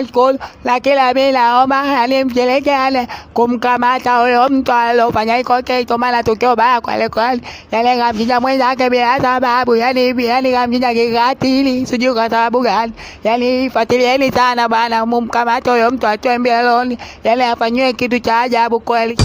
alcohol, la kila bila homa alimshirikiane kumkamata huyo mtu alofanya hiko kitu, maana tukio baya kwa lekali yale kamchinja mwenzake bila sababu, yani yani kamchinja kikatili, sijui kwa sababu gani. Yani fatilieni sana bana, mumkamata huyo mtu atoe mbeloni, yani afanywe kitu cha ajabu kweli.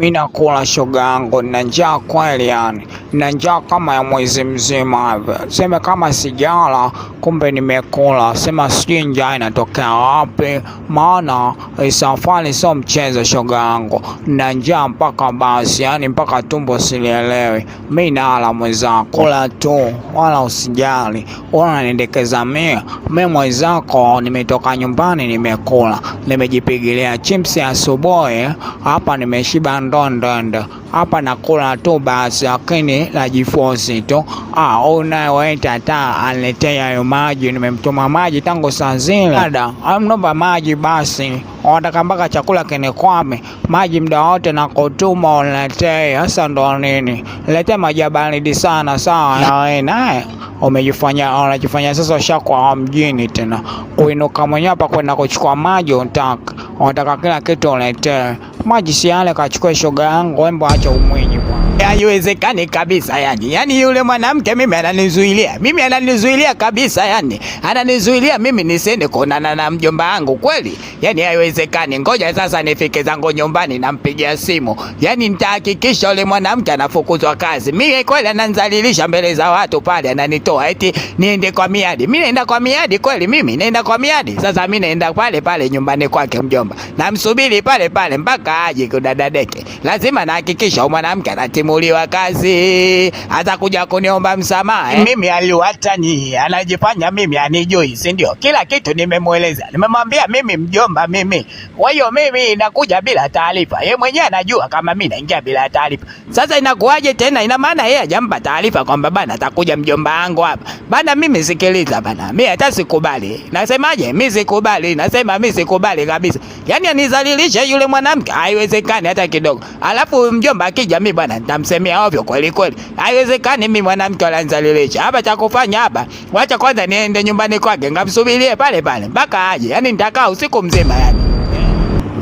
mi nakula shoga yangu, na njaa kweli, yani na njaa kama ya mwezi mzima hivi. Sema kama sijala, kumbe nimekula. Sema sijui njaa inatokea wapi, maana eh, safari sio mchezo shoga yangu, na njaa mpaka basi, yani mpaka tumbo silielewi. Mi nala mwenzako, kula tu, wala usijali, wala unaniendekeza mie. Mi mwenzako, nimetoka nyumbani, nimekula, nimejipigilia chipsi asubuhi hapa, nimeshiba ndo ndo ndo hapa nakula tu basi, lakini najifosi tu. Ah, unayoita ta aletea hayo maji, nimemtuma maji tangu saa zile. Dada amnomba maji basi, unataka mpaka chakula kinikwame? Maji muda wote nakutuma uniletee. Sasa ndo nini? Letea maji ya baridi sana, sawa? Na wewe naye umejifanya unajifanya sasa ushakuwa mjini tena, kuinuka mwenyewe hapa kwenda kuchukua maji, unataka unataka kila kitu uletee maji si yale, kachukua shoga yangu, embo acha umwenye bwana. Haiwezekani kabisa yani. Yani yule mwanamke mimi ananizuilia. Mimi ananizuilia kabisa yani. Ananizuilia mimi nisende kuonana na mjomba wangu kweli. Yani haiwezekani. Ngoja sasa nifike zangu nyumbani nampigia simu. Yani nitahakikisha yule mwanamke anafukuzwa kazi. Mimi kweli ananizalilisha mbele za watu pale ananitoa eti niende kwa miadi. Mimi naenda kwa miadi kweli mimi naenda kwa miadi. Sasa mimi naenda pale pale nyumbani kwake mjomba. Namsubiri pale pale mpaka kaaje kudada deke, lazima nahakikisha mwanamke anatimuliwa kazi, atakuja kuniomba msamaha eh. Mimi aliwatani anajifanya mimi anijui, si ndio? Kila kitu nimemweleza, nimemwambia mimi mjomba mimi, kwa hiyo mimi nakuja bila taarifa. Yeye mwenyewe anajua kama mimi naingia bila taarifa. Sasa inakuwaje tena? Ina maana yeye hajampa taarifa kwamba bana atakuja mjomba wangu hapa bana. Mimi sikiliza bana, mimi hata sikubali. Nasemaje? Mimi sikubali, nasema mimi sikubali kabisa yani anizalilishe yule mwanamke, haiwezekani hata kidogo. Alafu mjomba akija, mi bwana nitamsemea ovyo kweli kweli, haiwezekani mi mwanamke wala nizalilisha hapa. Cha kufanya hapa, wacha kwanza niende nyumbani kwake ngamsubirie pale pale mpaka aje, yani nitakaa usiku mzima yani.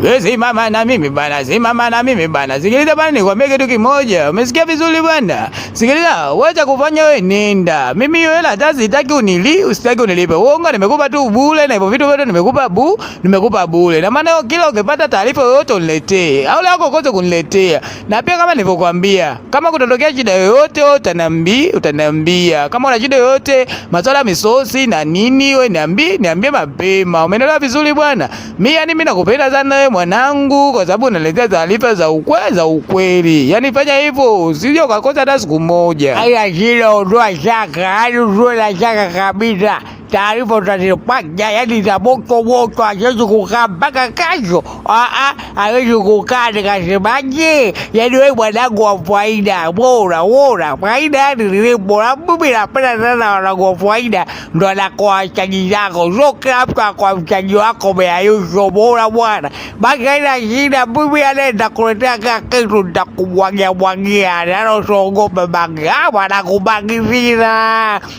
Wewe eh, simama na mimi bana, simama na mimi bana. Sikiliza bana, nikwambie kitu kimoja. Umesikia vizuri bana? Sikiliza, wacha kufanya wewe nenda. Mimi hiyo hela hata sitaki unili, usitaki unilipe. Uongo nimekupa tu bure na hivyo vitu vyote nimekupa bu, nimekupa bure. Na maana kila ukipata taarifa yoyote uniletee. Au lako kote kuniletea. Na pia kama nilivyokuambia, kama kutatokea shida yoyote utaniambia, utaniambia. Kama una shida yoyote, masuala misosi na nini wewe niambie, niambie mapema. Umeelewa vizuri bwana? Mimi yani mimi nakupenda sana mwanangu, kwa sababu unaletea taarifa za ukweli za ukweli. Yaani fanya hivyo, usije ukakosa hata siku moja. Haya, hilo ondoa shaka, hadi yaani usio shaka kabisa. Tari portare pak jaya di dapur kau tu aja sukukan pakai kayu. Ah ah, aku sukukan dengan sebaji. Jadi aku mana gua faida, bora bora faida di sini bora bila pernah nana orang gua faida. Dona kau cagi jago, sokap kau kau cagi aku berayu so bora bora. Bagaimana kita bila ada kereta kaki tu tak wangi wangi ada orang songgo berbangga, mana aku bagi sini,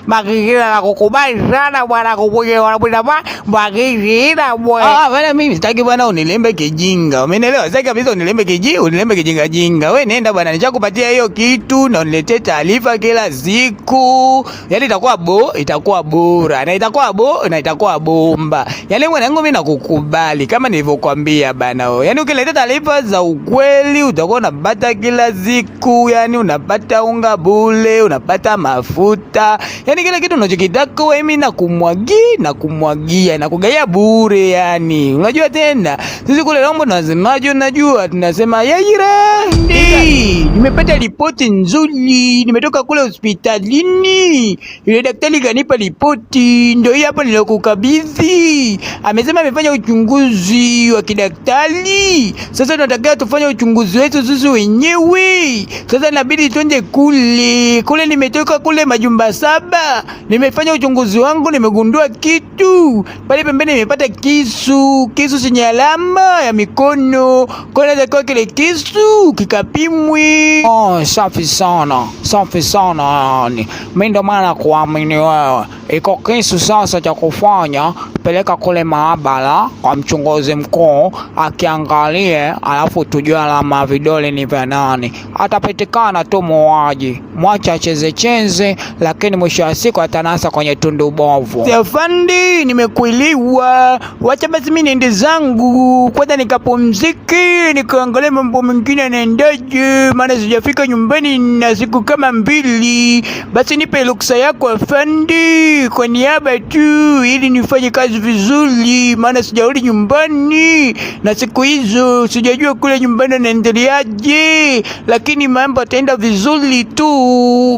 bagi sini aku kubang sana. bwana bwana kukuja wanakwenda ba bagijira bwe. Ah, ah wala mimi sitaki bwana unilembe kijinga. Umeelewa? Sitaki kabisa unilembe kiji, unilembe kijinga jinga. Wewe nenda bwana, nishakupatia hiyo kitu na uniletee taarifa kila siku. Yaani itakuwa bo, itakuwa bora. Na itakuwa bo, na itakuwa bomba. Yaani mwanangu mimi nakukubali kama nilivyokuambia bana wewe. Yaani ukileta taarifa za ukweli utakuwa unapata kila siku, yani unapata unga bule, unapata mafuta. Yaani kila kitu unachokitaka wewe mimi naku kumwagi na kumwagia na kugaia bure. Yani unajua tena sisi kule Rombo tunasemaje? Unajua tunasema yaira ndi. Nimepata ripoti nzuri, nimetoka kule hospitalini. Yule daktari kanipa ripoti, ndio hii hapa nilokukabidhi. Amesema amefanya uchunguzi wa kidaktari. Sasa tunatakiwa tufanye uchunguzi wetu sisi wenyewe. Sasa inabidi twende kule kule, nimetoka kule majumba saba, nimefanya uchunguzi wangu nimegundua kitu pale pembeni, nimepata kisu, kisu chenye alama ya mikono. Kwa kile kisu kikapimwi. Oh, safi sana, safi sana. Mimi yaani. ndo maana kuamini wewe iko e kisu sasa cha kufanya, peleka kule maabara kwa mchunguzi mkuu akiangalie, alafu tujue alama ya vidole ni vya nani. Atapatikana tu muuaji, mwacha chezecheze lakini mwisho wa siku atanasa kwenye tundu bovu. Afandi, nimekuiliwa, Wacha basi mimi niende zangu kwanza, nikapumziki nikaangalia mambo mengine yanaendaje, maana sijafika nyumbani na siku kama mbili. Basi nipe ruksa yako afandi kwa niaba tu, ili nifanye kazi vizuri, maana sijarudi nyumbani, na siku hizo sijajua kule nyumbani anaendeleaje, lakini mambo ataenda vizuri tu.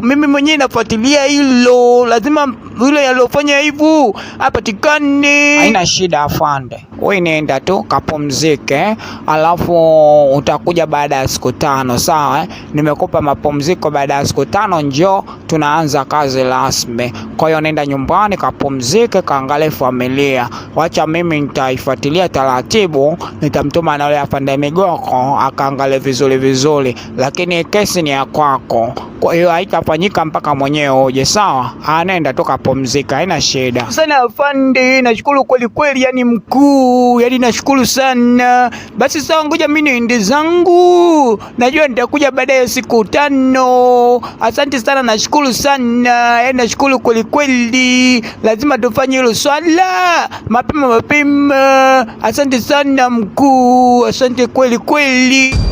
Mimi mwenyewe nafuatilia hilo, lazima yule aliyofanya hivyo apatikane. Haina shida afande, wewe nenda tu kapumzike, alafu utakuja baada ya siku tano. Sawa, eh? nimekupa mapumziko. Baada ya siku tano njoo tunaanza kazi rasmi. Kwa hiyo nenda nyumbani kapumzike, kaangalie familia, wacha mimi nitaifuatilia taratibu, nitamtuma na yule afande Migoko akaangalie vizuri vizuri, lakini kesi ni ya kwako, kwa hiyo haitafanyika mpaka mwenyewe uje. Sawa, anaenda tu kapumzika, haina shida. Sana afande, nashukuru kweli kweli, yani mkuu, yani nashukuru sana. Basi sawa, ngoja mimi niende zangu, najua nitakuja baada ya siku tano. Asante sana, nashukuru sana, yani nashukuru kweli kweli, lazima tufanye hilo swala mapema mapema. Asante sana mkuu, asante kweli kweli.